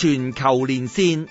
全球連線，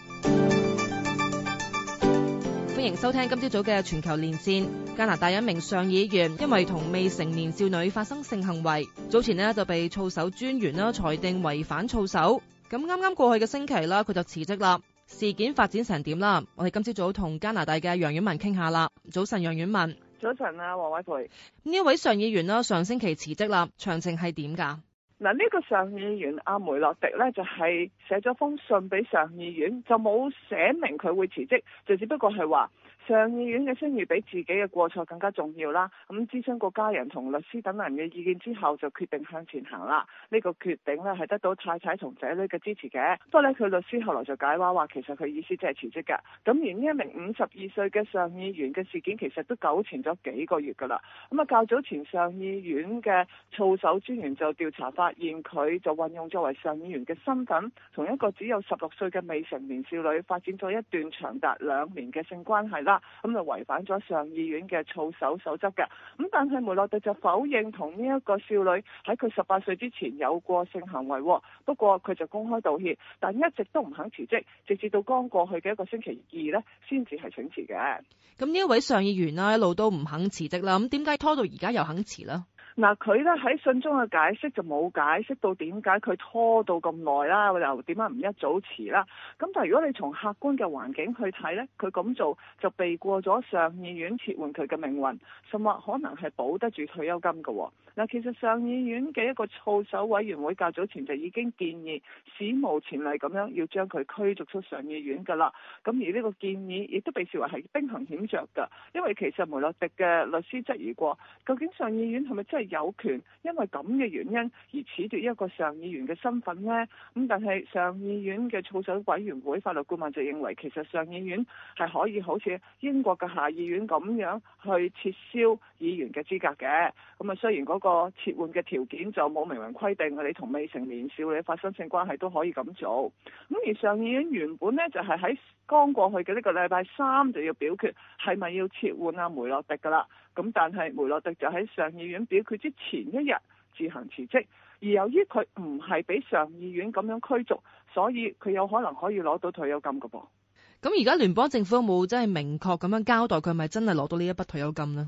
歡迎收聽今朝早嘅全球連線。加拿大一名上議員因為同未成年少女發生性行為，早前就被操守專員裁定違反操守，咁啱啱過去嘅星期啦，佢就辭職啦。事件發展成點啦？我哋今朝早同加拿大嘅楊婉文傾下啦。早晨，楊婉文。早晨啊，王慧蓓。咁呢位上議員呢，上星期辭職啦，詳情係點噶？嗱，呢個上議員阿梅洛迪咧就係寫咗封信俾上議院，就冇寫明佢會辭職，就只不過係話，上議院嘅聲譽比自己嘅過錯更加重要啦。咁諮詢過家人同律師等人嘅意見之後，就決定向前行啦。呢、呢個決定呢係得到太太同仔女嘅支持嘅。不過呢，佢律師後來就解話話，其實佢意思即係辭職㗎。咁而呢一名五十二歲嘅上議員嘅事件，其實都糾纏咗幾個月㗎啦。咁啊，較早前上議院嘅操守專員就調查發現，佢就運用作為上議員嘅身份，同一個只有十六歲嘅未成年少女發展咗一段長達兩年嘅性關係啦。咁就違反咗上議院嘅操守守則嘅，咁但係梅洛特就否認同呢一個少女喺佢十八歲之前有過性行為，不過佢就公開道歉，但一直都唔肯辭職，直至到剛過去嘅一個星期二呢，先至係請辭嘅。咁呢一位上議員啦、啊，一路都唔肯辭職啦，咁點解拖到而家又肯辭呢？嗱，佢咧，喺信中嘅解釋就冇解釋到點解佢拖到咁耐啦，又點解唔一早辭啦？咁但係如果你從客觀嘅環境去睇呢，佢咁做就避過咗上議院撤換佢嘅命運，甚至可能係保得住退休金嘅。嗱，其實上議院嘅一個操守委員會較早前就已經建議史無前例咁樣要將佢驅逐出上議院噶啦。咁而呢個建議亦都被視為係兵行險著㗎，因為其實梅洛迪嘅律師質疑過，究竟上議院係咪真係有權因為咁嘅原因而褫奪一個上議員嘅身份呢？咁但係上議院嘅操守委員會法律顧問就認為，其實上議院係可以好似英國嘅下議院咁樣去撤銷議員嘅資格嘅，咁啊雖然嗰個撤換嘅條件就冇明文規定，你同未成年少女發生性關係都可以咁做，咁而上議院原本呢，就係喺剛過去嘅呢個禮拜三就要表決係咪要撤換阿梅洛迪噶啦，咁但係梅洛迪就喺上議院表決。之前一日自行辭職，而由於佢唔係俾上議院咁樣驅逐，所以佢有可能可以攞到退休金噶噃。咁而家聯邦政府有冇真係明確咁樣交代佢係咪真係攞到呢一筆退休金咧？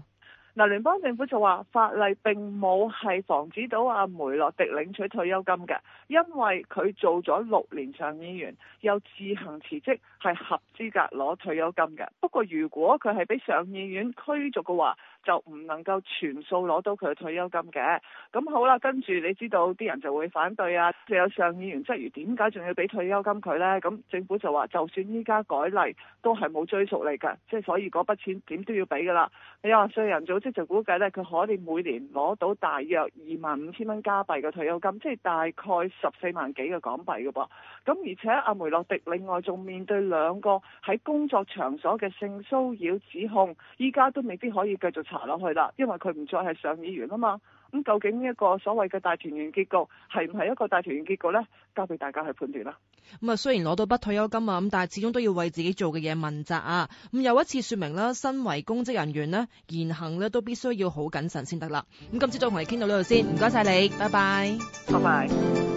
嗱，聯邦政府就話法例並冇係防止到阿梅洛迪領取退休金嘅，因為佢做咗六年上議員，又自行辭職係合資格攞退休金嘅。不過如果佢係俾上議院驅逐嘅話，就唔能夠全數攞到佢嘅退休金嘅，咁好啦，跟住你知道啲人就會反對啊，又有上議員質疑點解仲要俾退休金佢呢？咁政府就話就算依家改例都係冇追溯力㗎，即係所以嗰筆錢點都要俾㗎啦。你話稅人組織就估計呢，佢可以每年攞到大約二萬五千蚊加幣嘅退休金，即係大概十四萬幾嘅港幣㗎噃。咁而且阿梅洛迪另外仲面對兩個喺工作場所嘅性騷擾指控，依家都未必可以繼續查落去啦，因為佢唔再係上議員啊嘛。咁究竟呢一個所謂嘅大團圓結局係唔係一個大團圓結局咧？交俾大家去判斷啦。咁啊，雖然攞到筆退休金啊，咁但係始終都要為自己做嘅嘢問責啊。咁又一次說明啦，身為公職人員咧，言行咧都必須要好謹慎先得啦。咁今次再同你傾到呢度先，唔該晒你，拜拜，拜拜。